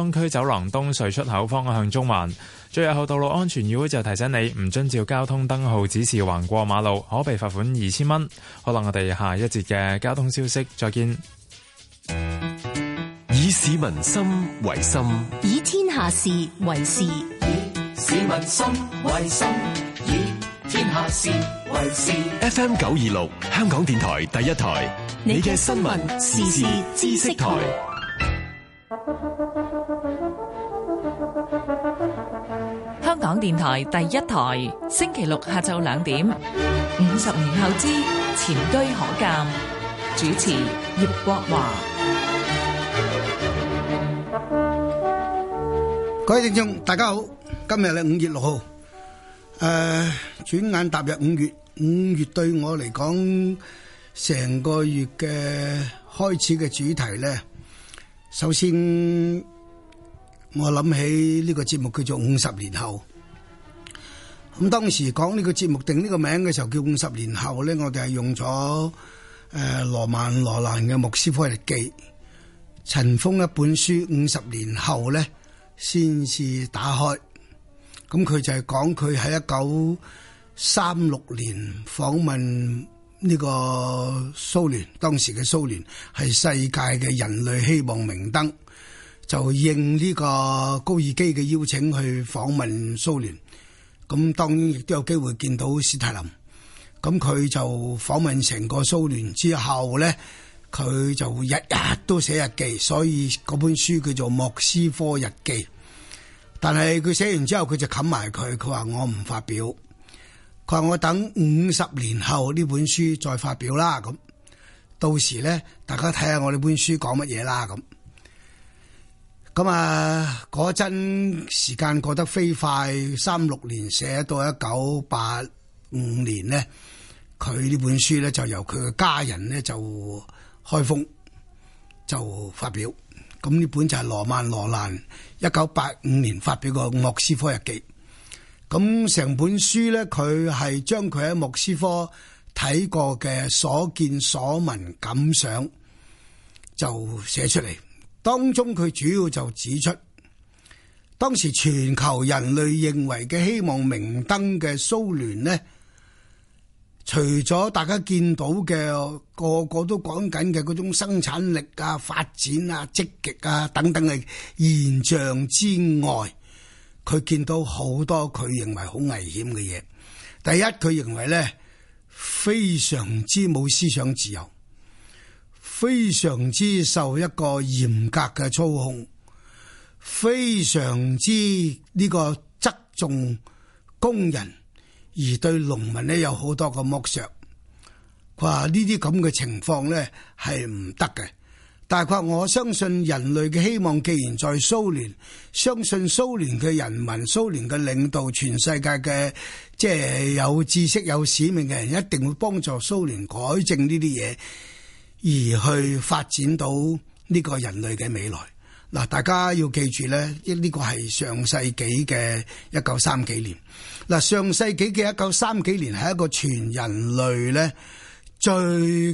東區走廊東隧出口方向中環，最後道路安全議會就提醒你，唔遵照交通燈號指示橫過馬路，可被罰款二千蚊。可能我哋下一節嘅交通消息再見。以市民心為心，以天下事為事。以市民心為心，以天下事為事。FM 九二六，香港電台第一台，你嘅新聞時事知識台。港電台第一台，星期六下晝兩點。五十年後之前車可鑑，主持葉國華。各位聽眾，大家好，今日咧五月六號。誒，轉眼踏入五月，五月對我嚟講，成個月嘅開始嘅主題咧，首先我諗起呢個節目叫做《五十年後》。咁當時講呢個節目定呢個名嘅時候，叫五十年後咧，我哋係用咗誒，羅曼羅蘭嘅《莫斯科日記》，塵封一本書五十年後咧，先至打開。咁、嗯、佢就係講佢喺一九三六年訪問呢個蘇聯，當時嘅蘇聯係世界嘅人類希望明燈，就應呢個高爾基嘅邀請去訪問蘇聯。咁當然亦都有機會見到史太林，咁佢就訪問成個蘇聯之後咧，佢就日日都寫日記，所以嗰本書叫做《莫斯科日記》。但係佢寫完之後佢就冚埋佢，佢話我唔發表，佢話我等五十年後呢本書再發表啦。咁到時咧，大家睇下我呢本書講乜嘢啦。咁。咁啊，嗰陣時間過得飛快，三六年寫到一九八五年呢，佢呢本書咧就由佢嘅家人咧就開封就發表。咁呢本就係羅曼羅蘭一九八五年發表嘅《莫斯科日記》。咁成本書咧，佢係將佢喺莫斯科睇過嘅所見所聞感想就寫出嚟。當中佢主要就指出，當時全球人類認為嘅希望明燈嘅蘇聯呢，除咗大家見到嘅個個都講緊嘅嗰種生產力啊、發展啊、積極啊等等嘅現象之外，佢見到好多佢認為好危險嘅嘢。第一，佢認為呢非常之冇思想自由，非常之受一個嚴格嘅操控，非常之呢個側重工人，而對農民呢有好多嘅剝削。佢話呢啲咁嘅情況呢係唔得嘅。但係我相信人類嘅希望既然在蘇聯，相信蘇聯嘅人民、蘇聯嘅領導、全世界嘅即係有知識、有使命嘅人，一定會幫助蘇聯改正呢啲嘢。而去發展到呢個人類嘅未來嗱。大家要記住咧，呢個係上世紀嘅一九三幾年嗱，上世紀嘅一九三幾年係一個全人類咧最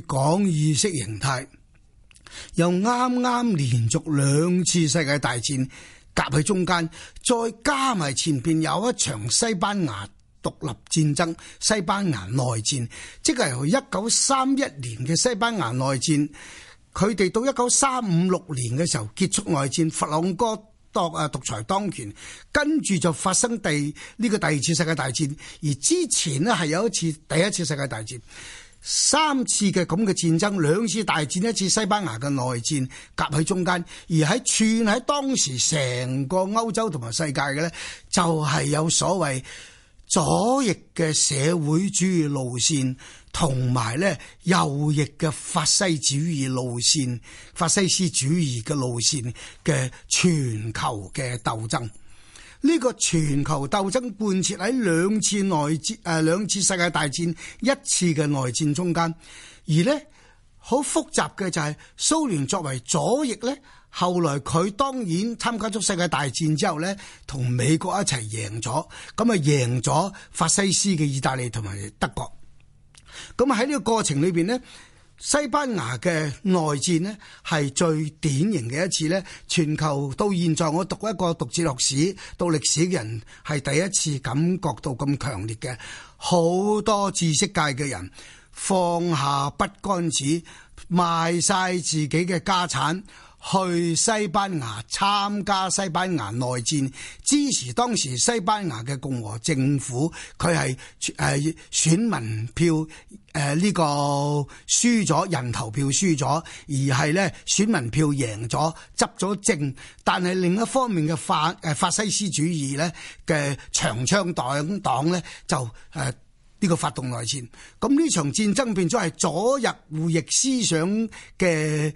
講意識形態，又啱啱連續兩次世界大戰夾喺中間，再加埋前邊有一場西班牙。獨立戰爭、西班牙內戰，即係由一九三一年嘅西班牙內戰，佢哋到一九三五六年嘅時候結束內戰，佛朗哥當啊獨裁當權，跟住就發生第呢個第二次世界大戰。而之前咧係有一次第一次世界大戰，三次嘅咁嘅戰爭，兩次大戰，一次西班牙嘅內戰夾喺中間，而喺串喺當時成個歐洲同埋世界嘅呢，就係、是、有所謂。左翼嘅社會主義路線，同埋咧右翼嘅法西主義路線，法西斯主義嘅路線嘅全球嘅鬥爭，呢個全球鬥爭貫徹喺兩次內戰、誒兩次世界大戰一次嘅內戰中間。而呢好複雜嘅就係蘇聯作為左翼咧。後來佢當然參加咗世界大戰之後呢，同美國一齊贏咗，咁啊贏咗法西斯嘅意大利同埋德國。咁喺呢個過程裏邊呢，西班牙嘅內戰呢係最典型嘅一次呢，全球到現在我讀一個讀哲學史、到歷史嘅人係第一次感覺到咁強烈嘅，好多知識界嘅人放下筆桿子，賣晒自己嘅家產。去西班牙參加西班牙內戰，支持當時西班牙嘅共和政府。佢係誒選民票誒呢，呃這個輸咗人投票輸咗，而係呢選民票贏咗執咗政。但係另一方面嘅法誒，呃、法西斯主義呢嘅長槍黨黨呢，就誒呢，呃這個發動內戰。咁呢場戰爭變咗係左日護翼思想嘅。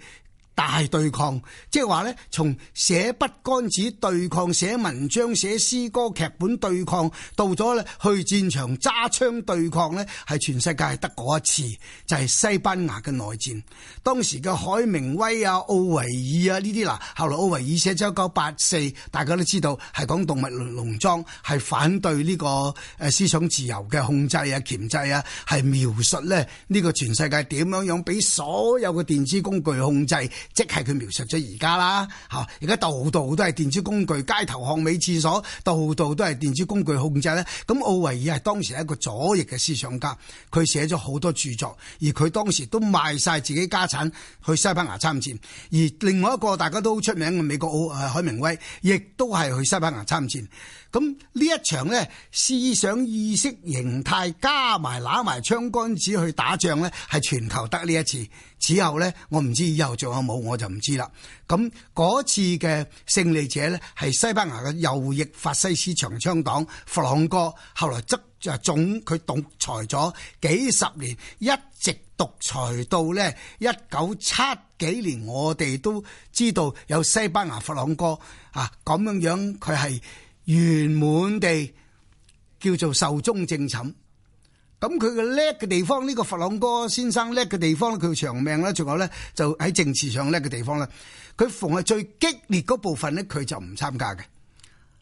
大對抗，即係話呢，從寫筆桿子對抗，寫文章、寫詩歌、劇本對抗，到咗呢去戰場揸槍對抗呢係全世界得嗰一次，就係、是、西班牙嘅內戰。當時嘅海明威啊、奧維爾啊呢啲啦，後來奧維爾寫咗一九八四，大家都知道係講動物農莊，係反對呢個誒思想自由嘅控制啊、鉗制啊，係描述咧呢個全世界點樣樣俾所有嘅電子工具控制。即係佢描述咗而家啦，嚇！而家度度都係電子工具，街頭巷尾廁所度度都係電子工具控制咧。咁奧維爾係當時係一個左翼嘅思想家，佢寫咗好多著作，而佢當時都賣晒自己家產去西班牙參戰。而另外一個大家都好出名嘅美國奧誒海明威，亦都係去西班牙參戰。咁呢一場咧思想意識形態加埋揦埋槍杆子去打仗呢，係全球得呢一次。此後呢，我唔知以後仲有冇我就唔知啦。咁嗰次嘅勝利者呢，係西班牙嘅右翼法西斯長槍黨弗朗哥，後來則就總佢獨裁咗幾十年，一直獨裁到呢。一九七幾年，我哋都知道有西班牙弗朗哥啊咁樣樣，佢係。圓滿地叫做壽終正寢。咁佢嘅叻嘅地方，呢個佛朗哥先生叻嘅地方，佢長命啦，仲有咧就喺政治上叻嘅地方咧，佢逢係最激烈嗰部分咧，佢就唔參加嘅。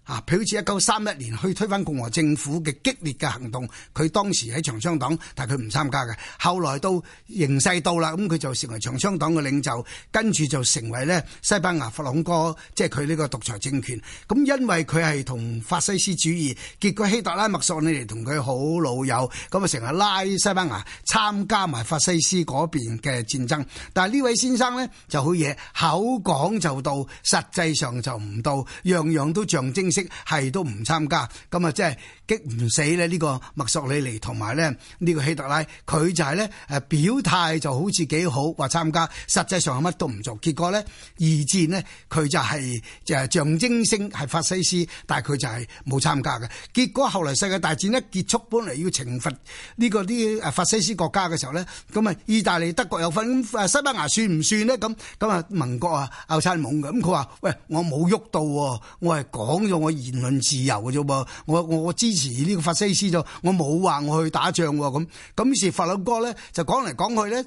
啊，譬如似一九三一年去推翻共和政府嘅激烈嘅行動，佢當時喺長槍黨，但係佢唔參加嘅。後來都形到形勢到啦，咁佢就成為長槍黨嘅領袖，跟住就成為咧西班牙佛朗哥，即係佢呢個獨裁政權，咁因為佢係同法西斯主義，結果希特拉墨索里尼同佢好老友，咁啊成日拉西班牙參加埋法西斯嗰邊嘅戰爭，但係呢位先生咧就好嘢，口講就到，實際上就唔到，樣樣都象徵。係都唔參加，咁啊，即係。激唔死咧？呢個墨索里尼同埋咧呢個希特拉，佢就係咧誒表態就好似幾好話參加，實際上係乜都唔做。結果咧二戰呢，佢就係就係象徵性係法西斯，但係佢就係冇參加嘅。結果後來世界大戰一結束，本嚟要懲罰呢個啲誒法西斯國家嘅時候咧，咁啊，意大利、德國有份，西班牙算唔算呢？咁咁啊，盟國啊拗餐懵嘅，咁佢話：喂，我冇喐到喎，我係講咗我言論自由嘅啫噃，我我支呢個法西斯就，我冇話我去打仗喎咁。咁於是法老哥咧就講嚟講去咧，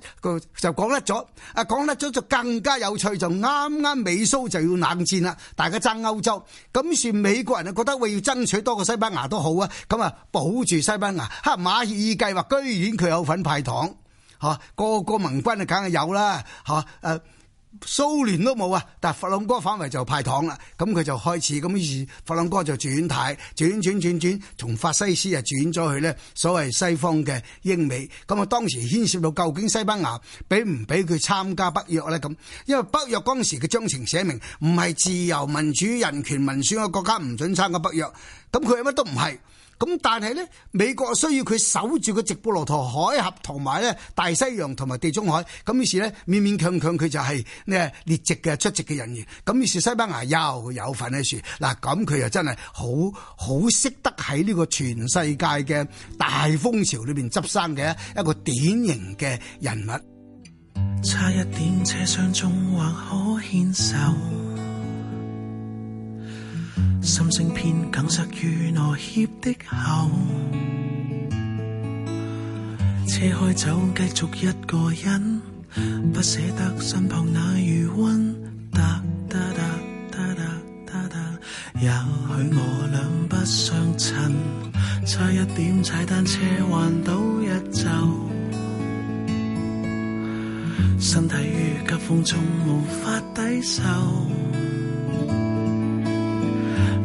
就講得咗。啊，講得咗就更加有趣，就啱啱美蘇就要冷戰啦，大家爭歐洲。咁算美國人啊，覺得我要爭取多個西班牙都好啊。咁啊，保住西班牙。馬歇爾計劃居然佢有份派糖嚇，個個盟軍啊，梗係有啦嚇誒。蘇聯都冇啊，但係佛朗哥反為就派糖啦，咁佢就開始咁，於是佛朗哥就轉態，轉轉轉轉，從法西斯啊轉咗去呢所謂西方嘅英美，咁啊當時牽涉到究竟西班牙俾唔俾佢參加北約呢？咁，因為北約當時嘅章程寫明，唔係自由民主、人權民選嘅國家唔准參加北約，咁佢係乜都唔係。咁但係呢，美國需要佢守住個直布羅陀海峽同埋呢，大西洋同埋地中海，咁於是呢，勉勉強強佢就係呢，列席嘅出席嘅人員，咁於是西班牙又有份喺處嗱，咁佢又真係好好識得喺呢個全世界嘅大風潮裏邊執生嘅一個典型嘅人物。差一點車廂中或可牽手。心聲偏梗塞於懦怯的喉，車開走，繼續一個人，不捨得身旁那餘温。噠噠噠噠噠噠，也許我倆不相襯，差一點踩單車環島一周，身體於急風中無法抵受。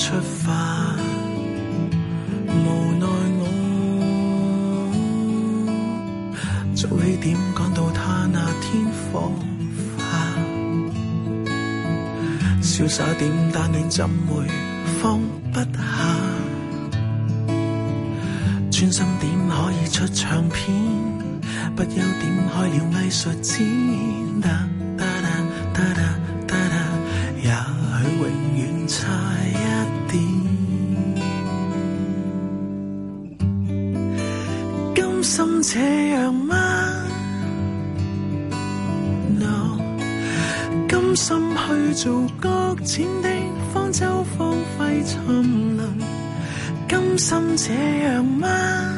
出發，無奈我早起點趕到他那天火化，瀟灑點但你怎會放不下？專心點可以出唱片，不休點開了藝術之眼。做擱淺的方舟，荒廢沉淪，甘心這樣嗎？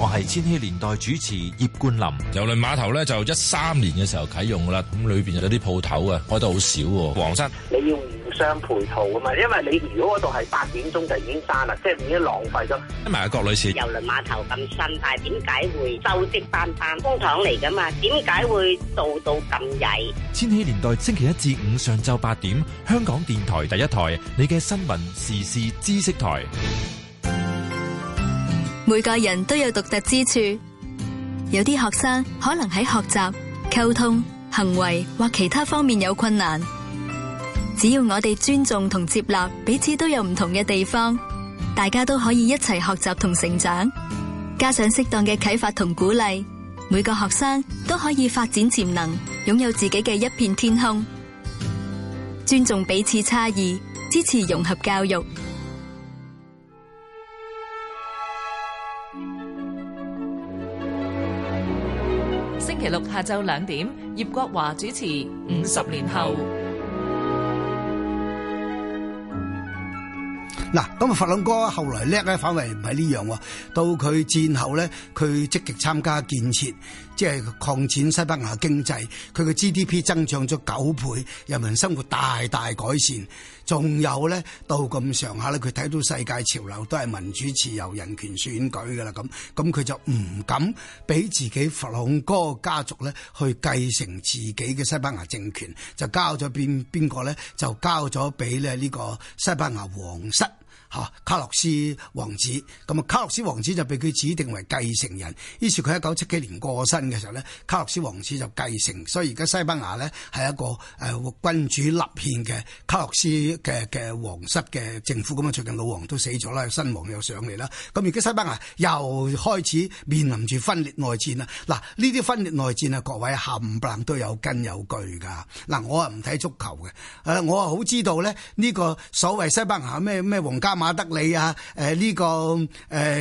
我係千禧年代主持葉冠林。郵輪碼頭咧就一三年嘅時候啟用啦，咁裏邊有啲鋪頭啊，開得好少。黃生，你要互相配套啊嘛，因為你如果嗰度係八點鐘就已經閂啦，即係已經浪費咗。跟埋阿郭女士，郵輪碼頭咁新，但係點解會堆積班班空檔嚟噶嘛？點解會做到咁曳？千禧年代星期一至五上晝八點，香港電台第一台，你嘅新聞時事知識台。每個人都有獨特之處。有啲學生可能喺學習、溝通、行為或其他方面有困難。只要我哋尊重同接納，彼此都有唔同嘅地方，大家都可以一齊學習同成長。加上適當嘅啟發同鼓勵，每個學生都可以發展潛能，擁有自己嘅一片天空。尊重彼此差異，支持融合教育。六下晝兩點，葉國華主持《五十年後》。嗱， 咁 佛朗哥後來叻咧，反為唔係呢樣喎，到佢戰後咧，佢積極參加建設，即係擴展西班牙經濟，佢嘅 GDP 增長咗九倍，人民生活大大改善。仲有咧，到咁上下咧，佢睇到世界潮流都係民主自由、人權選舉嘅啦，咁咁佢就唔敢俾自己佛朗哥家族咧去繼承自己嘅西班牙政權，就交咗邊邊個咧？就交咗俾咧呢個西班牙皇室。嚇，卡洛斯王子咁啊，卡洛斯王子就被佢指定為繼承人，於是佢一九七幾年過身嘅時候咧，卡洛斯王子就繼承，所以而家西班牙咧係一個誒君主立憲嘅卡洛斯嘅嘅皇室嘅政府咁啊，最近老王都死咗啦，新王又上嚟啦，咁而家西班牙又開始面臨住分裂內戰啊，嗱，呢啲分裂內戰啊，各位冚唪唥都有根有據噶，嗱，我啊唔睇足球嘅，誒我啊好知道咧呢個所謂西班牙咩咩皇家。馬德里啊，誒、呃、呢、這個誒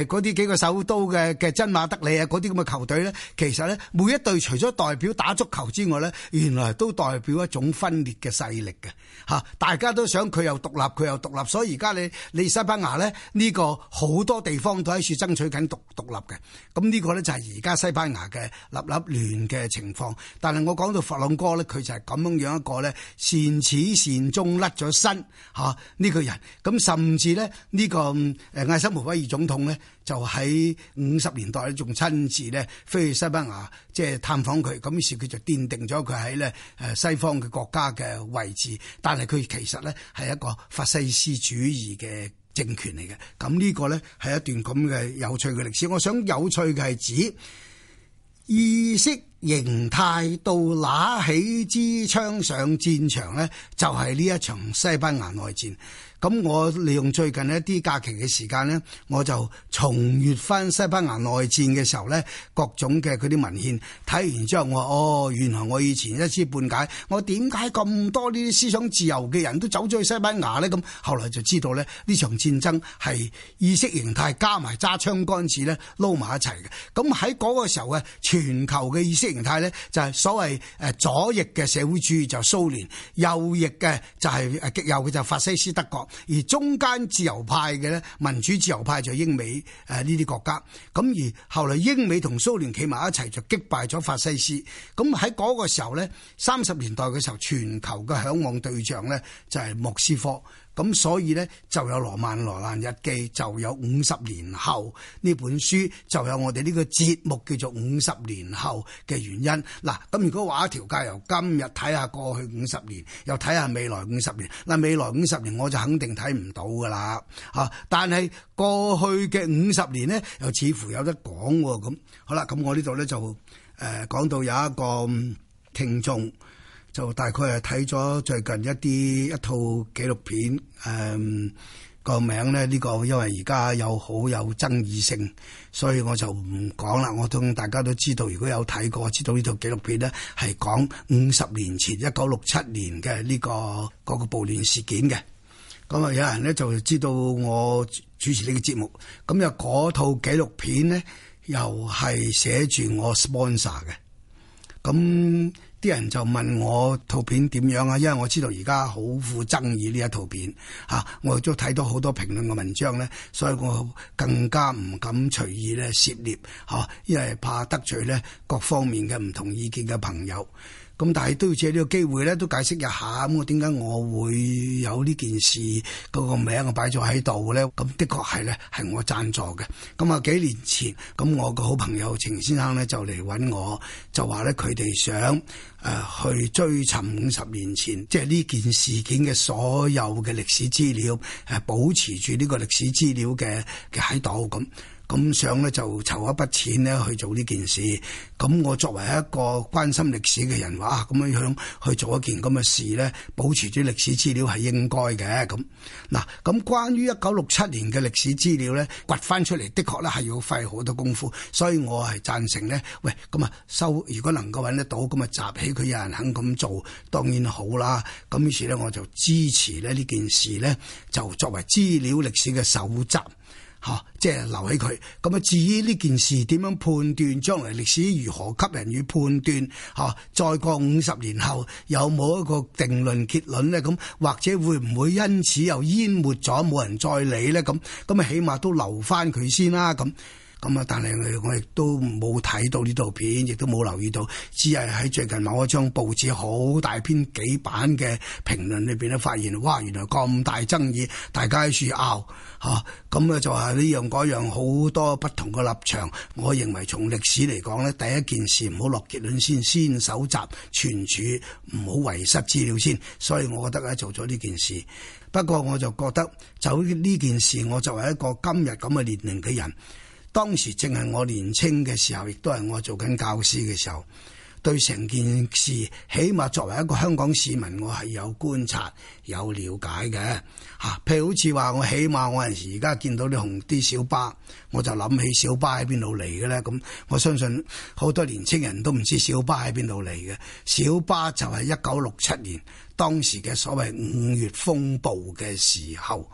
嗰啲幾個首都嘅嘅真馬德里啊，嗰啲咁嘅球隊咧，其實咧每一隊除咗代表打足球之外咧，原來都代表一種分裂嘅勢力嘅。嚇！大家都想佢又獨立，佢又獨立，所以而家你你西班牙咧，呢個好多地方都喺處爭取緊獨獨立嘅。咁呢個咧就係而家西班牙嘅立立亂嘅情況。但係我講到佛朗哥咧，佢就係咁樣樣一個咧善始善終甩咗身嚇呢、啊呢個人。咁甚至呢，呢個誒艾森豪威爾總統呢，就喺五十年代仲親自呢飛去西班牙，即係探訪佢。咁於是佢就奠定咗佢喺呢誒西方嘅國家嘅位置。但係佢其實呢係一個法西斯主義嘅政權嚟嘅。咁呢個呢係一段咁嘅有趣嘅歷史。我想有趣嘅係指意識形態到拿起支槍上戰場呢，就係呢一場西班牙內戰。咁我利用最近一啲假期嘅時間咧，我就重閱翻西班牙內戰嘅時候咧，各種嘅嗰啲文獻睇完之後，我話，哦，原來我以前一知半解，我點解咁多呢啲思想自由嘅人都走咗去西班牙咧？咁後來就知道咧，呢場戰爭係意識形態加埋揸槍桿子咧撈埋一齊嘅。咁喺嗰個時候啊，全球嘅意識形態咧就係所謂誒，左翼嘅社會主義就蘇聯，右翼嘅就係誒極右嘅就法西斯德國。而中間自由派嘅咧，民主自由派就英美誒呢啲國家。咁而後嚟，英美同蘇聯企埋一齊就擊敗咗法西斯。咁喺嗰個時候咧，三十年代嘅時候，全球嘅嚮往對象咧就係莫斯科。咁所以咧，就有《羅曼羅蘭日記》，就有《五十年後》呢本書，就有我哋呢個節目叫做《五十年後》嘅原因。嗱，咁如果劃一條界，由今日睇下過去五十年，又睇下未來五十年。嗱，未來五十年我就肯定睇唔到噶啦嚇。但係過去嘅五十年呢，又似乎有得講喎。咁好啦，咁我呢度咧就誒、呃、講到有一個聽眾。就大概係睇咗最近一啲一套紀錄片，誒、嗯、個名咧呢個因為而家有好有爭議性，所以我就唔講啦。我同大家都知道，如果有睇過，知道呢套紀錄片呢係講五十年前一九六七年嘅呢、呢個嗰、嗰個暴亂事件嘅。咁、嗯、啊，有人咧就知道我主持呢個節目，咁又嗰套紀錄片呢，又係寫住我 sponsor 嘅，咁、嗯。啲人就問我圖片點樣啊？因為我知道而家好富爭議呢一套片嚇，我都睇到好多評論嘅文章咧，所以我更加唔敢隨意咧涉獵嚇，因為怕得罪咧各方面嘅唔同意見嘅朋友。咁但係都要借呢個機會咧，都解釋一下咁，我點解我會有呢件事嗰個名我擺咗喺度咧？咁的確係咧，係我贊助嘅。咁啊幾年前，咁我個好朋友程先生咧就嚟揾我，就話咧佢哋想誒、呃、去追尋五十年前，即係呢件事件嘅所有嘅歷史資料，誒、呃、保持住呢個歷史資料嘅嘅喺度咁。咁想咧就籌一筆錢咧去做呢件事，咁我作為一個關心歷史嘅人話，咁樣樣去做一件咁嘅事咧，保持啲歷史資料係應該嘅。咁嗱，咁關於一九六七年嘅歷史資料咧，掘翻出嚟，的確咧係要費好多功夫，所以我係贊成咧。喂，咁啊收，如果能夠揾得到，咁啊集起佢有人肯咁做，當然好啦。咁於是咧，我就支持咧呢件事咧，就作為資料歷史嘅蒐集。吓，即係留喺佢。咁啊，至於呢件事點樣判斷，將來歷史如何給人與判斷？嚇，再過五十年後有冇一個定論結論呢？咁或者會唔會因此又淹沒咗，冇人再理呢？咁咁啊，起碼都留翻佢先啦。咁。咁啊！但係我亦都冇睇到呢套片，亦都冇留意到，只係喺最近某一張報紙，好大篇幾版嘅評論裏邊咧，發現哇！原來咁大爭議，大家喺處拗吓咁咧，啊、就係呢樣嗰樣好多不同嘅立場。我認為從歷史嚟講咧，第一件事唔好落結論先，先搜集存儲，唔好遺失資料先。所以，我覺得咧做咗呢件事。不過，我就覺得就呢件事，我作為一個今日咁嘅年齡嘅人，當時正係我年青嘅時候，亦都係我做緊教師嘅時候，對成件事起碼作為一個香港市民，我係有觀察、有了解嘅嚇。啊、譬如好似話，我起碼我陣時而家見到啲紅啲小巴，我就諗起小巴喺邊度嚟嘅咧？咁我相信好多年青人都唔知小巴喺邊度嚟嘅。小巴就係一九六七年當時嘅所謂五月風暴嘅時候。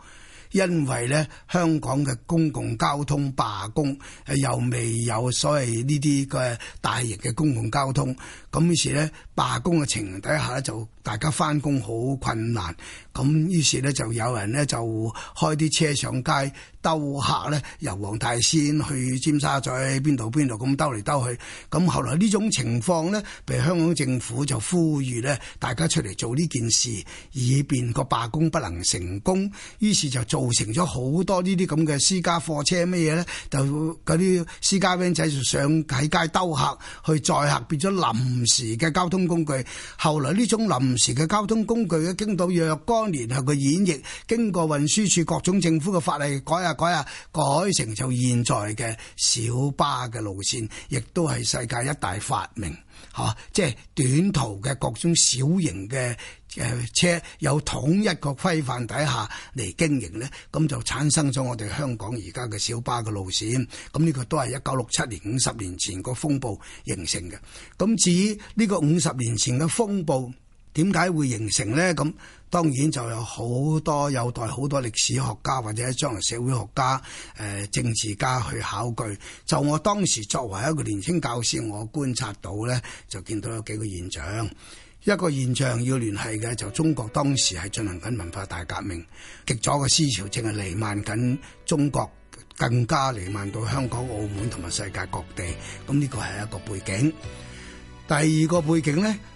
因為咧，香港嘅公共交通罷工，誒又未有所謂呢啲嘅大型嘅公共交通。咁於是咧，罷工嘅情底下咧，就大家翻工好困難。咁於是咧，就有人呢，就開啲車上街兜客咧，由黃大仙去尖沙咀邊度邊度咁兜嚟兜去。咁後來呢種情況呢，被香港政府就呼籲呢，大家出嚟做呢件事，以便個罷工不能成功。於是就造成咗好多呢啲咁嘅私家貨車咩嘢咧，就嗰啲私家 van 仔就上喺街兜客去載客，變咗臨時嘅交通工具，後來呢種臨時嘅交通工具咧，經到若干年後嘅演繹，經過運輸署各種政府嘅法例改下改下，改成就現在嘅小巴嘅路線，亦都係世界一大發明。嚇、啊！即係短途嘅各種小型嘅誒、呃、車，有統一個規範底下嚟經營呢咁、嗯、就產生咗我哋香港而家嘅小巴嘅路線。咁、嗯、呢、這個都係一九六七年五十年前個風暴形成嘅。咁、嗯、至於呢個五十年前嘅風暴。點解會形成呢？咁當然就有好多有待好多歷史學家或者將來社會學家、誒、呃、政治家去考據。就我當時作為一個年輕教師，我觀察到呢，就見到有幾個現象。一個現象要聯繫嘅就中國當時係進行緊文化大革命，極左嘅思潮正係瀰漫緊中國，更加瀰漫到香港、澳門同埋世界各地。咁、嗯、呢、呢個係一個背景。第二個背景呢？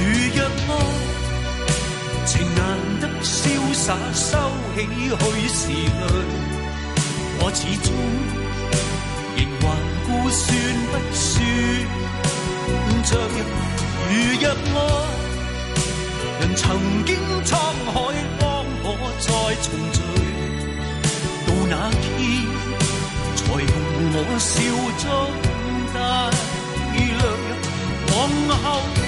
如若愛情難得瀟灑收起去時淚，我始終仍還顧算不算醉？如若愛人曾經滄海方可再重聚，到那天才共我笑中帶淚，往後。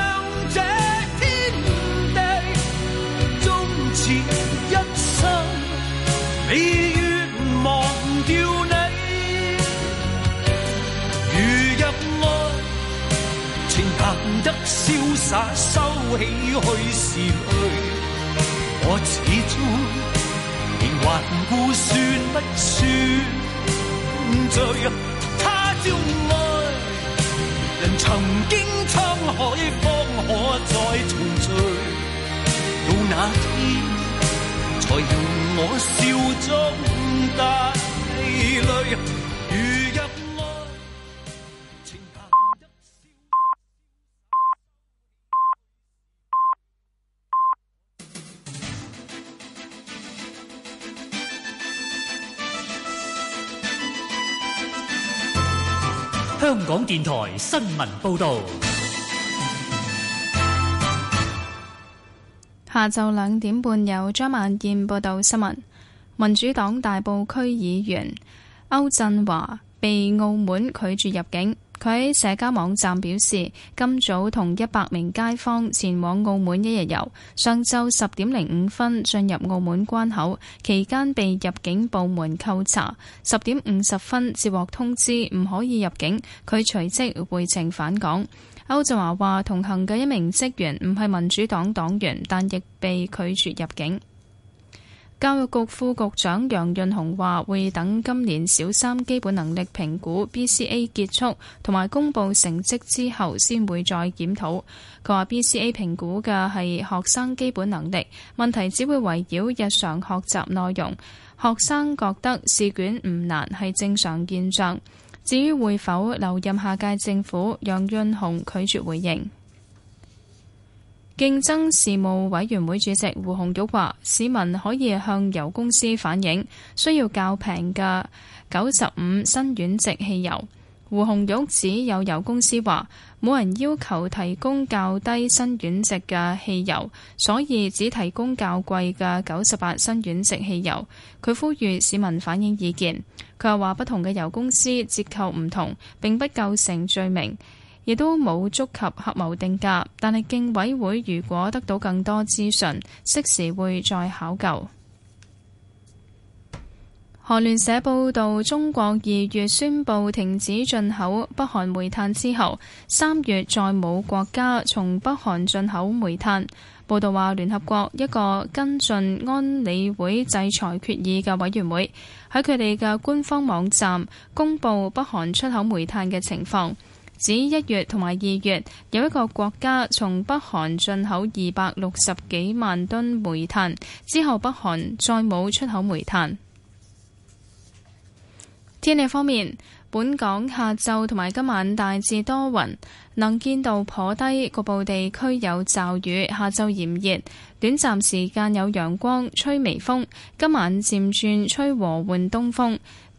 瀟灑收起去時去，我始終仍頑固算不算罪？他朝愛人曾經滄海方可再重聚，到那天才容我笑中帶淚。電台新聞報道：下晝兩點半有張萬健報道新聞。民主黨大埔區議員歐振華被澳門拒絕入境。佢喺社交網站表示，今早同一百名街坊前往澳門一日遊，上晝十點零五分進入澳門關口，期間被入境部門扣查。十點五十分接獲通知唔可以入境，佢隨即回程返港。歐振華話，同行嘅一名職員唔係民主黨黨員，但亦被拒絕入境。教育局副局長楊潤雄話：會等今年小三基本能力評估 （BCA） 結束同埋公布成績之後，先會再檢討。佢話 BCA 評估嘅係學生基本能力，問題只會圍繞日常學習內容。學生覺得試卷唔難係正常現象。至於會否留任下屆政府，楊潤雄拒絕回應。競爭事務委員會主席胡紅玉話：市民可以向油公司反映需要較平嘅九十五辛烷值汽油。胡紅玉指有油公司話冇人要求提供較低辛烷值嘅汽油，所以只提供較貴嘅九十八辛烷值汽油。佢呼籲市民反映意見。佢又話不同嘅油公司折扣唔同，並不構成罪名。亦都冇觸及合謀定價，但係競委會如果得到更多資訊，適時會再考究。韓聯社報道，中國二月宣布停止進口北韓煤炭之後，三月再冇國家從北韓進口煤炭。報道話聯合國一個跟進安理會制裁決議嘅委員會喺佢哋嘅官方網站公布北韓出口煤炭嘅情況。指一月同埋二月，有一個國家從北韓進口二百六十幾萬噸煤炭，之後北韓再冇出口煤炭。天氣方面，本港下晝同埋今晚大致多雲，能見度頗低，局部地區有驟雨。下晝，炎熱短暫時間有陽光，吹微風，今晚漸轉吹和緩東風。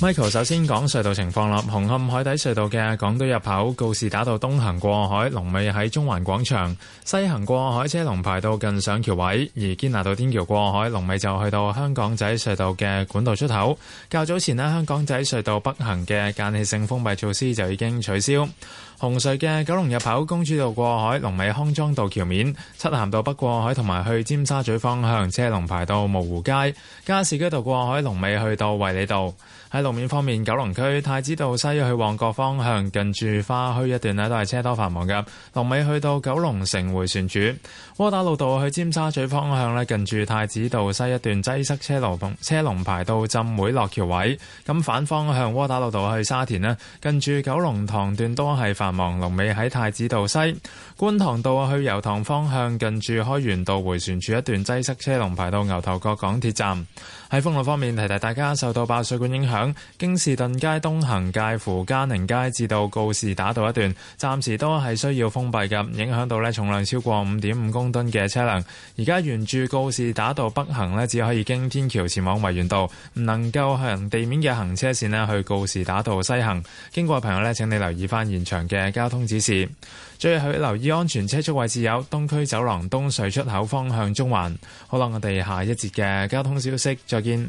Michael 首先講隧道情況啦。紅磡海底隧道嘅港島入口告士打道東行過海，龍尾喺中環廣場；西行過海車龍排到近上橋位。而堅拿道天橋過海，龍尾就去到香港仔隧道嘅管道出口。較早前呢，香港仔隧道北行嘅間歇性封閉措施就已經取消。紅隧嘅九龍入口公主道過海，龍尾康莊道橋面；漆咸道北過海同埋去尖沙咀方向，車龍排到蕪湖街；加士居道過海，龍尾去到衛理道。喺路面方面，九龍區太子道西去旺角方向，近住花墟一段咧都係車多繁忙嘅。龍尾去到九龍城回旋處，窩打老道去尖沙咀方向咧，近住太子道西一段擠塞車龍同車龍排到浸會落橋位。咁反方向窩打老道去沙田咧，近住九龍塘段都係繁忙。龍尾喺太子道西，觀塘道去油塘方向，近住開源道回旋處一段擠塞車龍排到牛頭角港鐵站。喺封路方面，提提大家受到爆水管影響。響京士頓街東行介乎加寧街至到告士打道一段，暫時都係需要封閉嘅，影響到咧重量超過五點五公噸嘅車輛。而家沿住告士打道北行咧，只可以經天橋前往維園道，唔能夠向地面嘅行車線咧去告士打道西行。經過嘅朋友咧，請你留意翻現場嘅交通指示。最後留意安全車速位置，有東區走廊、東隧出口方向中環。好啦，我哋下一節嘅交通消息再見。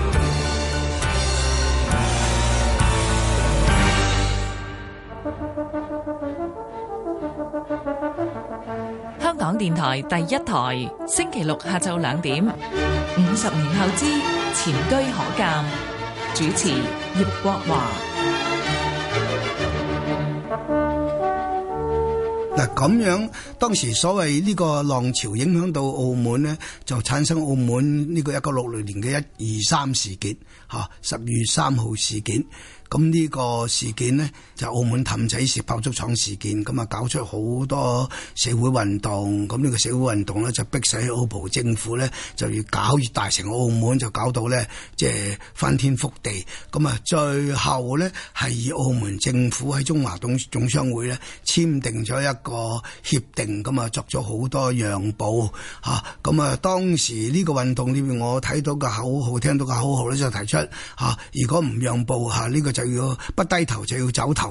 電台第一台，星期六下晝兩點。五十年後之前車可鑑，主持葉國華。嗱，咁樣當時所謂呢個浪潮影響到澳門咧，就產生澳門呢個一九六六年嘅一二三事件，吓，十二月三號事件。咁呢個事件咧，就澳門氹仔事、爆竹廠事件，咁啊搞出好多社會運動咁呢、呢個社會運動咧就逼使澳葡政府咧就要搞越大，成澳門就搞到咧即係翻天覆地，咁啊最後咧係以澳門政府喺中華董總商會咧簽訂咗一個協定，咁啊作咗好多讓步嚇，咁啊，啊當時呢個運動裏邊，我睇到個口號聽到個口號咧就提出嚇、啊，如果唔讓步吓呢、啊呢個就要不低頭就要走頭。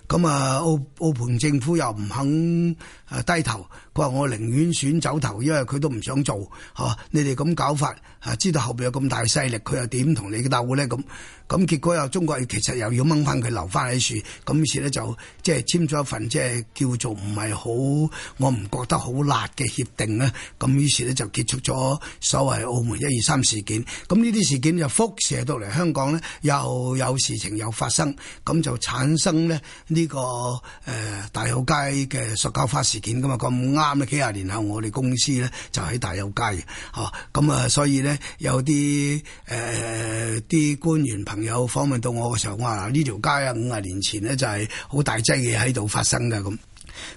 咁啊澳澳葡政府又唔肯低頭，佢話我寧願選走頭，因為佢都唔想做嚇、啊。你哋咁搞法、啊，知道後邊有咁大勢力，佢又點同你鬥咧？咁、啊、咁、啊、結果又、啊、中國其實又要掹翻佢，留翻喺樹。咁於是呢，就即、是、係簽咗一份即係、就是、叫做唔係好，我唔覺得好辣嘅協定咧。咁、啊、於是呢，就結束咗所謂澳門一二三事件。咁呢啲事件就輻射到嚟香港呢，又有事情又發生，咁、啊嗯、就產生呢。呢、這個誒、呃、大有街嘅塑膠花事件咁啊，咁啱咧，幾十年後我哋公司咧就喺大有街，吓咁啊，所以咧有啲誒啲官員朋友訪問到我嘅時候，我話：嗱呢條街啊，五十年前呢就係、是、好大劑嘢喺度發生嘅，咁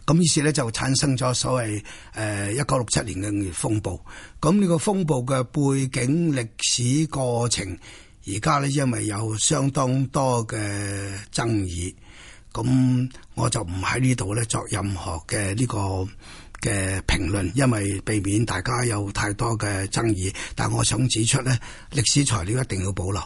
咁於是咧就產生咗所謂誒一九六七年嘅風暴。咁呢個風暴嘅背景歷史過程，而家咧因為有相當多嘅爭議。咁我就唔喺呢度咧作任何嘅呢個嘅評論，因為避免大家有太多嘅爭議。但我想指出咧，歷史材料一定要保留。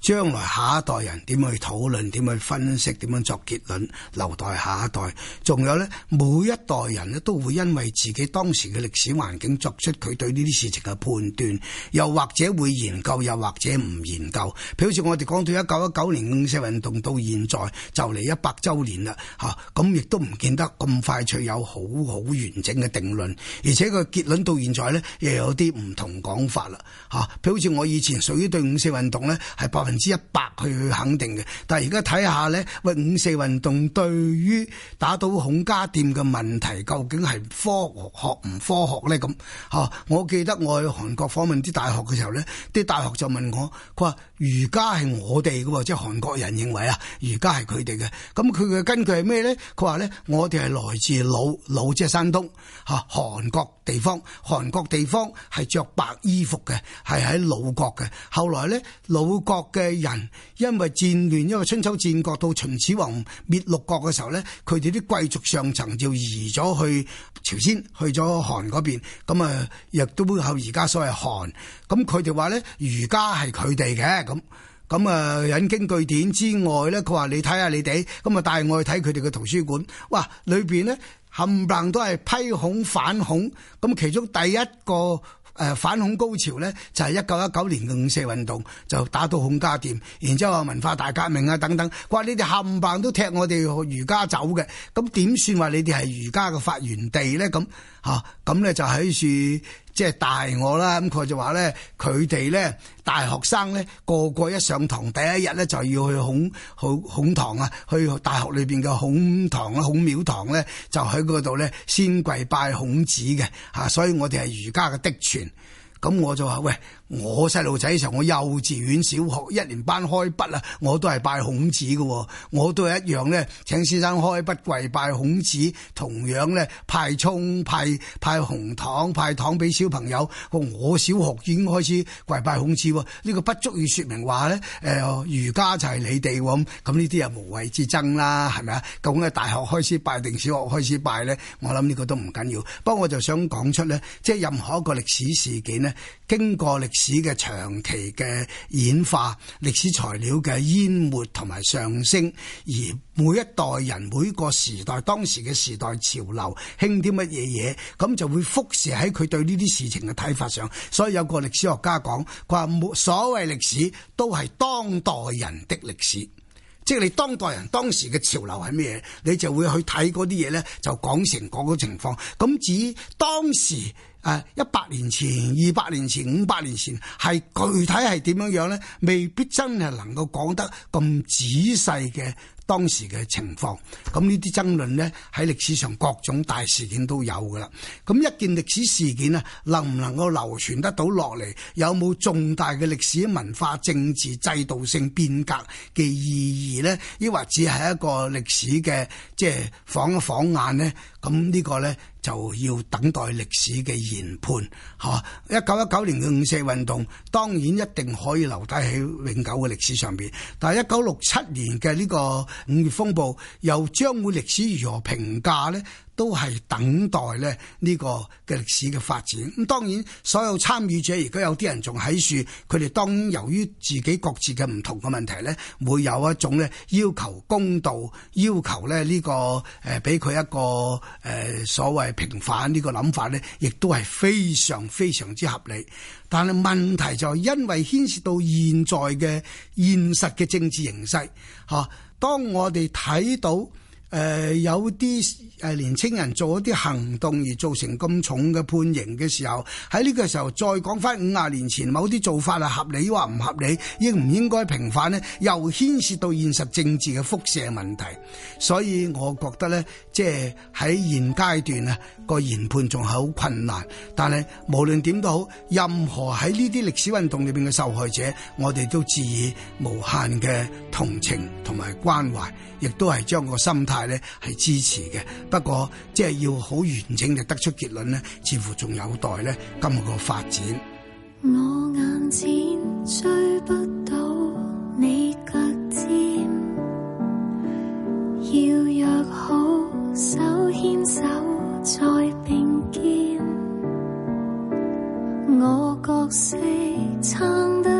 將來下一代人點去討論、點去分析、點樣作結論，留待下一代。仲有呢，每一代人呢，都會因為自己當時嘅歷史環境作出佢對呢啲事情嘅判斷，又或者會研究，又或者唔研究。譬如好似我哋講到一九一九年五四運動到現在就嚟一百周年啦，吓，咁亦都唔見得咁快脆有好好完整嘅定論，而且個結論到現在呢，又有啲唔同講法啦，吓、啊。譬如好似我以前屬於對五四運動呢，係百。分之一百去去肯定嘅，但係而家睇下咧，喂，五四運動對於打倒孔家店嘅問題，究竟係科學唔科學咧？咁、啊、吓，我記得我去韓國訪問啲大學嘅時候咧，啲大學就問我，佢話儒家係我哋嘅，即係韓國人認為啊，儒家係佢哋嘅。咁佢嘅根據係咩咧？佢話咧，我哋係來自魯魯即係山東吓，韓國地方，韓國地方係着白衣服嘅，係喺魯國嘅。後來咧，魯國嘅。嘅人，因為戰亂，因為春秋戰國到秦始皇滅六國嘅時候咧，佢哋啲貴族上層就移咗去朝鮮，去咗韓嗰邊，咁啊亦都有而家所謂韓，咁佢哋話咧，儒家係佢哋嘅，咁咁啊引經據典之外咧，佢話你睇下你哋，咁啊帶我去睇佢哋嘅圖書館，哇裏邊咧冚唪唥都係批孔反孔，咁其中第一個。誒、呃、反恐高潮呢，就係一九一九年嘅五四運動，就打到孔家店，然之後文化大革命啊等等，話你哋冚唪棒都踢我哋儒家走嘅，咁點算話你哋係儒家嘅發源地呢？咁嚇，咁、啊、咧、啊、就喺處。即係大我啦，咁佢就話咧，佢哋咧大學生咧，個個一上堂第一日咧就要去孔去孔，孔堂啊，去大學裏邊嘅孔堂啊，孔廟堂咧，就喺嗰度咧先跪拜孔子嘅，吓，所以我哋係儒家嘅嫡傳，咁我就話喂。我細路仔時候，我幼稚園小學一年班開筆啊，我都係拜孔子嘅，哦，我都係一樣咧請先生開筆跪拜孔子，同樣咧派蔥、派派、派紅糖、派糖俾小朋友。我小學已經開始跪拜孔子呢，哦呢個不足以說明話咧。誒、呃，儒家就係你哋咁，哦，咁呢啲啊無謂之爭啦，係咪啊？究竟係大學開始拜定小學開始拜咧？我諗呢個都唔緊要，要。不過我就想講出咧，即係任何一個歷史事件咧，經過歷。史嘅長期嘅演化，歷史材料嘅淹沒同埋上升，而每一代人每個時代當時嘅時代潮流興啲乜嘢嘢，咁就會輻射喺佢對呢啲事情嘅睇法上。所以有個歷史學家講，佢話所謂歷史都係當代人的歷史，即係你當代人當時嘅潮流係咩嘢，你就會去睇嗰啲嘢咧，就講成嗰個情況。咁指當時。誒，一百年前、二百年前、五百年前，係具體係點樣樣呢？未必真係能夠講得咁仔細嘅當時嘅情況。咁呢啲爭論呢，喺歷史上各種大事件都有噶啦。咁、嗯、一件歷史事件呢，能唔能夠流傳得到落嚟？有冇重大嘅歷史文化、政治制度性變革嘅意義呢？抑或只係一個歷史嘅即係晃一晃眼呢？咁呢個呢，就要等待歷史嘅研判嚇。一九一九年嘅五四運動當然一定可以留低喺永久嘅歷史上邊，但係一九六七年嘅呢個五月風暴又將會歷史如何評價呢？都係等待咧呢個嘅歷史嘅發展。咁當然，所有參與者如果有啲人仲喺樹，佢哋當然由於自己各自嘅唔同嘅問題咧，會有一種咧要求公道、要求咧呢個誒俾佢一個誒、呃、所謂平反個呢個諗法咧，亦都係非常非常之合理。但係問題就係因為牽涉到現在嘅現實嘅政治形勢嚇、啊，當我哋睇到。誒、呃，有啲誒，年青人做一啲行動而造成咁重嘅判刑嘅時候，喺呢個時候再講翻五十年前某啲做法係合理或唔合理，應唔應該平反咧？又牽涉到現實政治嘅輻射問題，所以我覺得咧，即係喺現階段啊，個研判仲係好困難。但係無論點都好，任何喺呢啲歷史運動裏邊嘅受害者，我哋都致以無限嘅同情同埋關懷，亦都係將個心態。咧係支持嘅，不過即係要好完整嘅得出結論呢，似乎仲有待呢今個發展。我眼前追不到你腳尖，要約好手牽手再並肩，我角色撐得，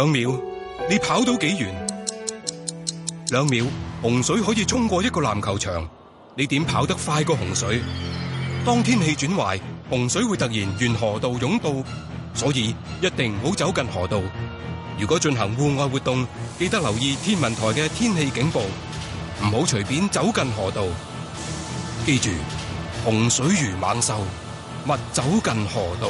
兩秒，你跑到幾遠？兩秒，洪水可以冲過一個籃球場，你點跑得快過洪水？當天氣轉壞，洪水會突然沿河道湧到，所以一定唔好走近河道。如果進行戶外活動，記得留意天文台嘅天氣警報，唔好隨便走近河道。記住，洪水如猛獸，勿走近河道。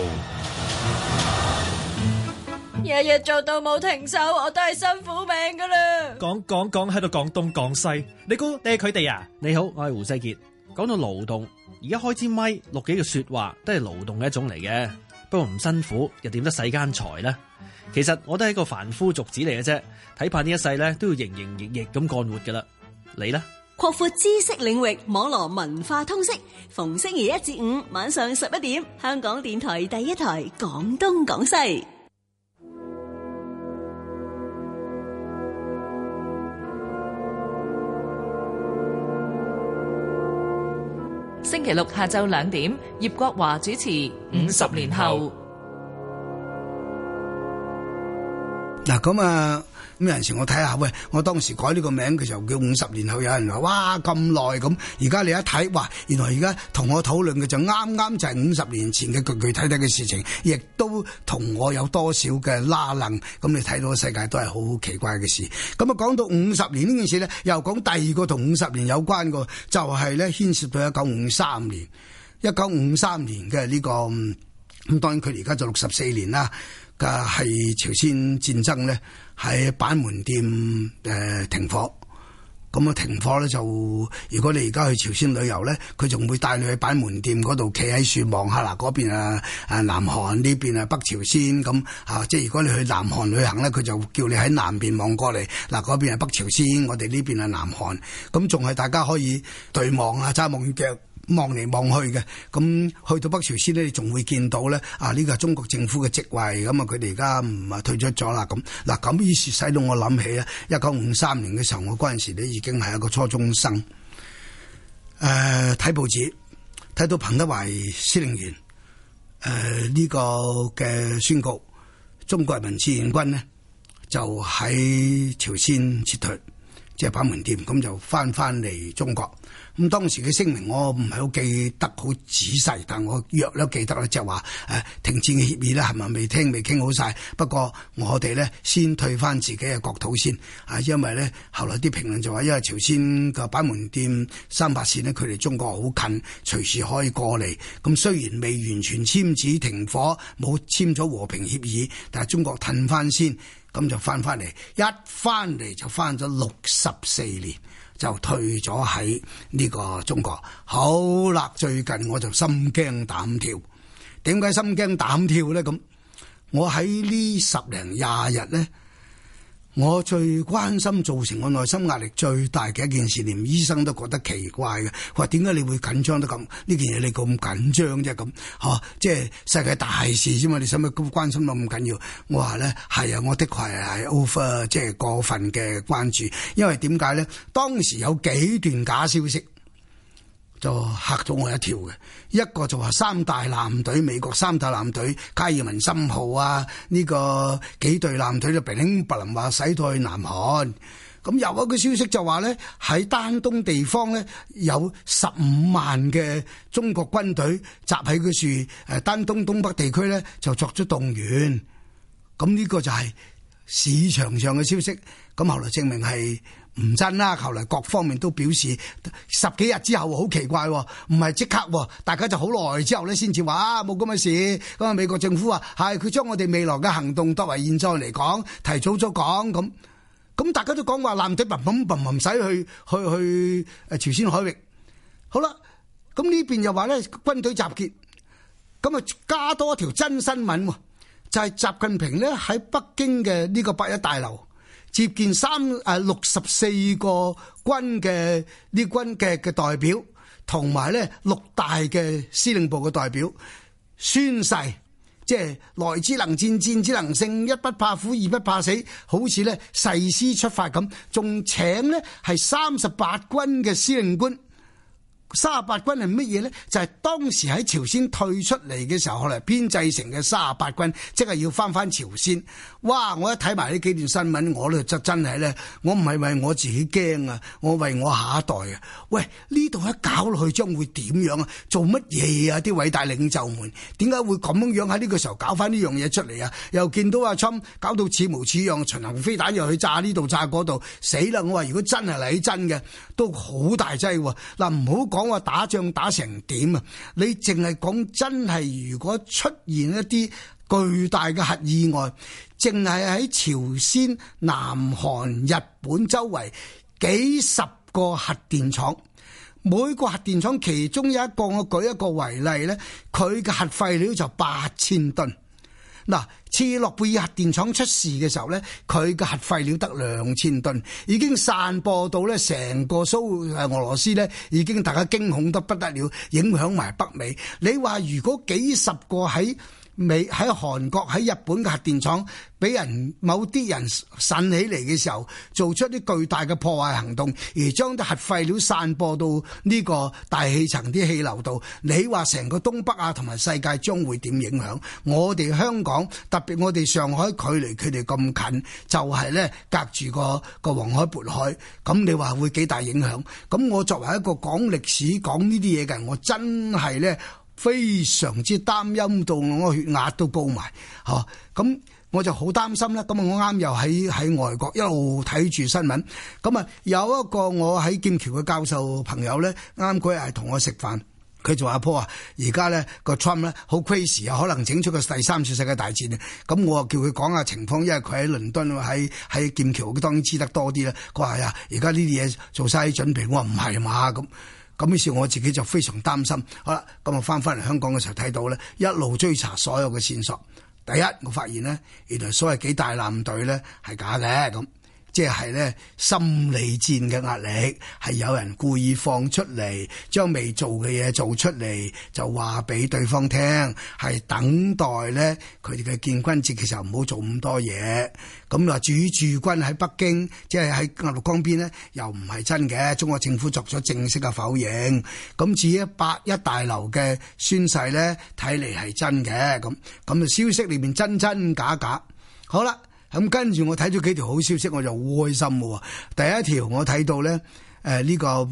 日日做到冇停手，我都係辛苦命噶啦。講講講喺度講東講西，你估爹佢哋啊，你好，我係胡世杰。講到勞動，而家開支咪錄幾句說話都係勞動嘅一種嚟嘅，不過唔辛苦又點得世間財呢？其實我都係一個凡夫俗子嚟嘅啫，睇怕呢一世咧都要營營役役咁幹活噶啦。你呢？擴闊知識領域，網絡文化通識，逢星期一至五晚上十一點，香港電台第一台《講東講西》。星期六下晝兩點，葉國華主持《五十年後》。嗱，咁啊。有陣時我睇下喂，我當時改呢個名嘅時候叫五十年後，有人話哇咁耐咁。而家你一睇，哇，原來而家同我討論嘅就啱啱就係五十年前嘅具具體體嘅事情，亦都同我有多少嘅拉楞。咁你睇到個世界都係好奇怪嘅事。咁啊，講到五十年呢件事呢，又講第二個同五十年有關個就係呢，牽涉到一九五三年，一九五三年嘅呢個咁，當然佢而家就六十四年啦。噶係朝鮮戰爭呢。喺板門店誒停火，咁啊停火咧就，如果你而家去朝鮮旅遊咧，佢仲會帶你去板門店嗰度企喺樹望下嗱，嗰邊啊啊南韓呢邊啊北朝鮮咁啊，即係如果你去南韓旅行咧，佢就叫你喺南邊望過嚟，嗱，嗰邊係北朝鮮，我哋呢邊係南韓，咁仲係大家可以對望啊，揸望遠望嚟望去嘅，咁去到北朝鮮呢，你仲會見到咧啊！呢個係中國政府嘅職位，咁啊佢哋而家唔係退出咗啦咁。嗱咁於是使到我諗起啊，一九五三年嘅時候，我嗰陣時咧已經係一個初中生，誒、呃、睇報紙睇到彭德懷司令員誒呢、呃這個嘅宣告，中國人民志願軍呢就喺朝鮮撤退。即係板門店，咁就翻翻嚟中國。咁當時嘅聲明我唔係好記得好仔細，但我約都記得啦，即係話誒停戰嘅協議咧，係咪未聽未傾好晒？不過我哋咧先退翻自己嘅國土先，啊，因為咧後來啲評論就話，因為朝鮮嘅板門店三百線咧，佢離中國好近，隨時可以過嚟。咁雖然未完全簽字停火，冇簽咗和平協議，但係中國褪翻先。咁就翻翻嚟，一翻嚟就翻咗六十四年，就退咗喺呢個中國。好啦，最近我就心驚膽跳，點解心驚膽跳咧？咁我喺呢十零廿日咧。我最關心造成我內心壓力最大嘅一件事，連醫生都覺得奇怪嘅。佢話點解你會緊張得咁？呢件嘢你咁緊張啫咁，吓、啊、即係世界大事之嘛，你使乜使咁關心得咁緊要？我話咧係啊，我的確係 over 即係過分嘅關注，因為點解咧？當時有幾段假消息。就嚇咗我一跳嘅，一個就話三大艦隊，美國三大艦隊卡爾文森號啊，呢、這個幾隊艦隊就兵兵白林話使到去南韓，咁、嗯、有一個消息就話呢，喺丹東地方呢，有十五萬嘅中國軍隊集喺佢樹誒丹東東北地區呢，就作出動員，咁、嗯、呢、這個就係市場上嘅消息，咁、嗯、後來證明係，唔真啦，後來各方面都表示，十幾日之後好奇怪，唔係即刻，大家就好耐之後咧先至話冇咁嘅事。咁、嗯、啊，美國政府話係佢將我哋未來嘅行動作為現在嚟講，提早咗講咁，咁、嗯嗯、大家都講話艦隊唔唔唔使去去去誒朝鮮海域。好啦，咁呢邊又話呢，軍隊集結，咁、嗯、啊加多一條真新聞、哦，就係、是、習近平呢喺北京嘅呢個八一大樓，接見三誒六十四個軍嘅呢軍嘅嘅代表，同埋咧六大嘅司令部嘅代表宣誓，即係來之能戰，戰之能勝，一不怕苦，二不怕死，好似咧誓師出發咁，仲請咧係三十八軍嘅司令官。三十八軍係乜嘢呢？就係當時喺朝鮮退出嚟嘅時候，後來編制成嘅三十八軍，即係要翻翻朝鮮。哇！我一睇埋呢幾段新聞，我呢就真係咧，我唔係為我自己驚啊，我為我下一代啊。喂，呢度一搞落去將會點樣啊？做乜嘢啊？啲偉大領袖們點解會咁樣喺呢個時候搞翻呢樣嘢出嚟啊？又見到阿侵搞到似模似樣，巡航飛彈又去炸呢度炸嗰度，死啦！我話如果真係嚟起真嘅，都好大劑。嗱，唔好講。講話打仗打成點啊！你淨係講真係，如果出現一啲巨大嘅核意外，淨係喺朝鮮、南韓、日本周圍幾十個核電廠，每個核電廠其中有一個，我舉一個為例咧，佢嘅核廢料就八千噸。嗱，切爾諾貝利核電廠出事嘅時候呢，佢嘅核廢料得兩千噸，已經散播到呢，成個蘇誒俄羅斯呢，已經大家驚恐得不得了，影響埋北美。你話如果幾十個喺？未喺韓國喺日本嘅核電廠俾人某啲人散起嚟嘅時候，做出啲巨大嘅破壞行動，而將啲核廢料散播到呢個大氣層啲氣流度，你話成個東北亞同埋世界將會點影響？我哋香港特別我哋上海距離佢哋咁近，就係、是、呢隔住、個個黃海渤海，咁你話會幾大影響？咁我作為一個講歷史講呢啲嘢嘅人，我真係呢，非常之擔心到我個血壓都高埋，嚇、啊！咁我就好擔心啦。咁我啱又喺喺外國一路睇住新聞。咁啊有一個我喺劍橋嘅教授朋友咧，啱嗰日係同我食飯，佢就話：婆啊，而家咧個 Trump 咧好 crazy 啊，可能整出個第三次世界大戰啊！咁我啊叫佢講下情況，因為佢喺倫敦喺喺劍橋，當然知得多啲啦。佢話啊，而家呢啲嘢做晒啲準備。我話唔係嘛咁。咁於是我自己就非常擔心，好啦，咁啊返返嚟香港嘅時候睇到咧，一路追查所有嘅線索，第一我發現咧，原來所謂幾大艦隊咧係假嘅咁。即係咧心理戰嘅壓力，係有人故意放出嚟，將未做嘅嘢做出嚟，就話俾對方聽，係等待咧佢哋嘅建軍節嘅時候唔好做咁多嘢。咁話駐駐軍喺北京，即係喺鴨綠江邊咧，又唔係真嘅。中國政府作咗正式嘅否認。咁至於八一大樓嘅宣誓咧，睇嚟係真嘅。咁咁啊，消息裏面真真假假。好啦。咁跟住我睇咗幾條好消息，我就好開心喎。第一條我睇到咧，誒、呃、呢、這個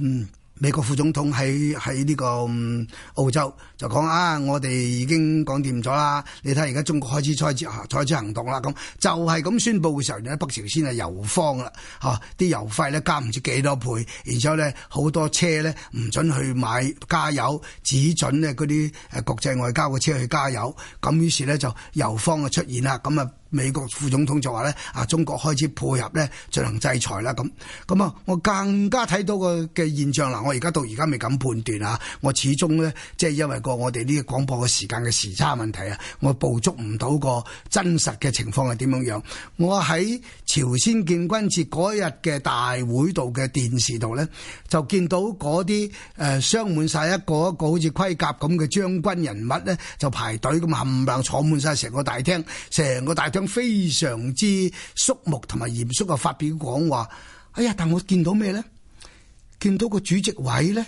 美國副總統喺喺呢個澳洲就講啊，我哋已經講掂咗啦。你睇而家中國開始採取、啊、行動啦，咁就係、是、咁宣佈嘅時候，而家北朝鮮啊油荒啦，嚇啲油費呢，加唔知幾多倍，然之後呢，好多車呢唔準去買加油，只準咧嗰啲誒國際外交嘅車去加油。咁於是呢，就油荒嘅出現啦，咁啊～美國副總統就話咧，啊中國開始配合咧，進行制裁啦咁。咁啊，我更加睇到個嘅現象嗱，我而家到而家未敢判斷啊。我始終咧，即係因為我個我哋呢個廣播嘅時間嘅時差問題啊，我捕捉唔到個真實嘅情況係點樣樣，我喺朝鮮建軍節嗰日嘅大會度嘅電視度咧，就見到啲誒鑲滿晒一個一個好似盔甲咁嘅將軍人物咧，就排隊咁冚唪唥坐滿晒成個大廳成個大。非常之肅穆同埋嚴肅啊！發表講話，哎呀，但我見到咩咧？見到個主席位咧，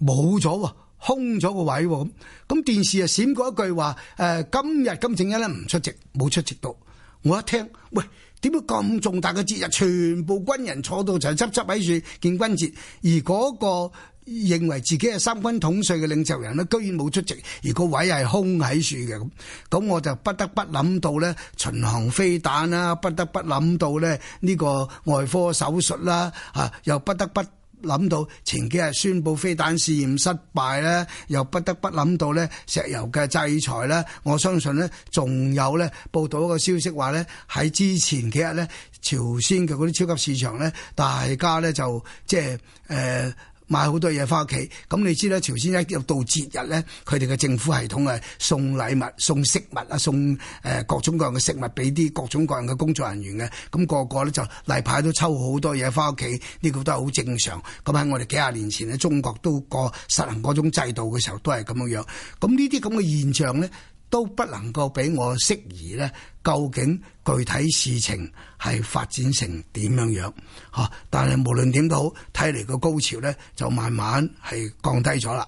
冇咗，空咗個位咁。咁電視啊閃過一句話，誒、呃，今日金正恩咧唔出席，冇出席到。我一聽，喂，點解咁重大嘅節日，全部軍人坐到就執執喺處，建軍節，而嗰、那個。認為自己係三軍統帥嘅領袖人呢，居然冇出席，而個位係空喺樹嘅咁，咁我就不得不諗到呢巡航飛彈啦，不得不諗到呢呢個外科手術啦，吓又不得不諗到前幾日宣布飛彈試驗失敗啦，又不得不諗到呢石油嘅制裁啦。我相信呢仲有呢報道一個消息話呢，喺之前幾日呢，朝鮮嘅嗰啲超級市場呢，大家呢就即係誒。就是呃買好多嘢翻屋企，咁你知啦，朝鮮一又到節日呢，佢哋嘅政府系統啊，送禮物、送食物啊，送誒各種各樣嘅食物俾啲各種各樣嘅工作人員嘅，咁、那個個咧就例牌都抽好多嘢翻屋企，呢、這個都係好正常。咁喺我哋幾廿年前咧，中國都個實行嗰種制度嘅時候，都係咁樣樣。咁呢啲咁嘅現象呢。都不能夠俾我適宜呢？究竟具體事情係發展成點樣樣？嚇！但係無論點都好，睇嚟個高潮呢就慢慢係降低咗啦。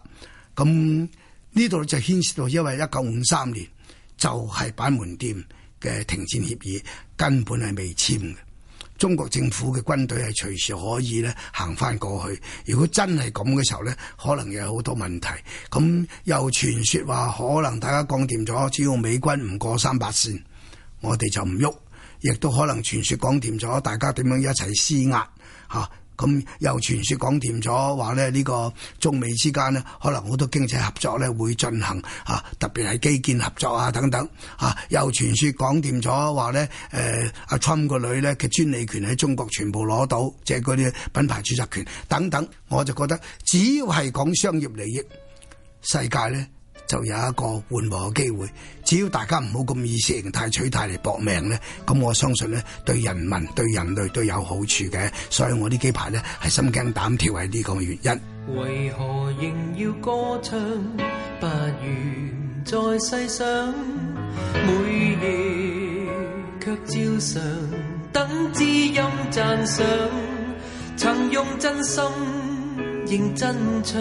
咁呢度就牽涉到，因為一九五三年就係板門店嘅停戰協議根本係未簽嘅。中國政府嘅軍隊係隨時可以咧行翻過去，如果真係咁嘅時候咧，可能有好多問題。咁又傳説話可能大家講掂咗，只要美軍唔過三八線，我哋就唔喐，亦都可能傳説講掂咗，大家點樣一齊施壓嚇。啊。咁又傳説講掂咗話咧，呢個中美之間咧，可能好多經濟合作咧會進行嚇，特別係基建合作啊等等嚇。又傳説講掂咗話咧，誒阿 Trump 個女咧嘅專利權喺中國全部攞到，即係嗰啲品牌註冊權等等。我就覺得，只要係講商業利益，世界咧。就有一個緩和嘅機會，只要大家唔好咁意識形態取態嚟搏命咧，咁我相信咧對人民對人類都有好處嘅，所以我呢幾排咧係心驚膽跳係呢個原因。為何仍要歌唱？不如在世上，每夜卻照常等知音讚賞，曾用真心認真唱。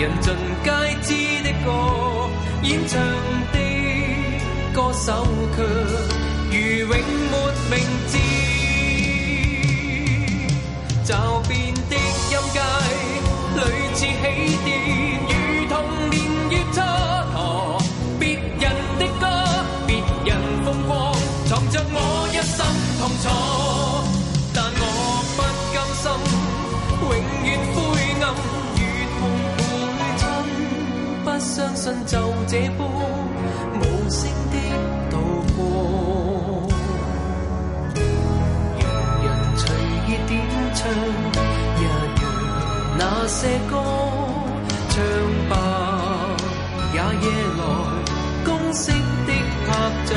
人盡皆知的歌，演唱的歌手卻如永沒名字，就變。相信就這般無聲的度過，人人隨意點唱一樣那些歌，唱罷也迎來公式的拍掌。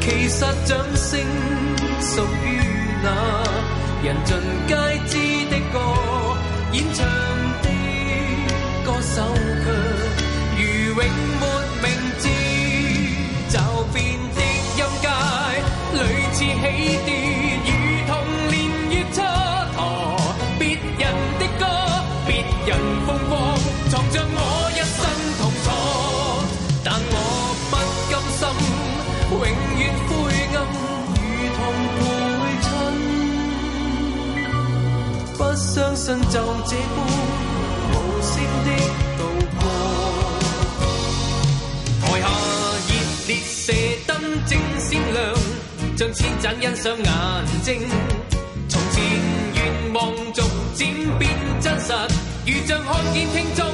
其實掌聲屬於那人盡皆知的歌，演唱的歌手就這般無聲的道破，台下熱烈射燈正閃亮，像千盞欣賞眼睛。從前願望逐漸變真實，如像看見聽眾。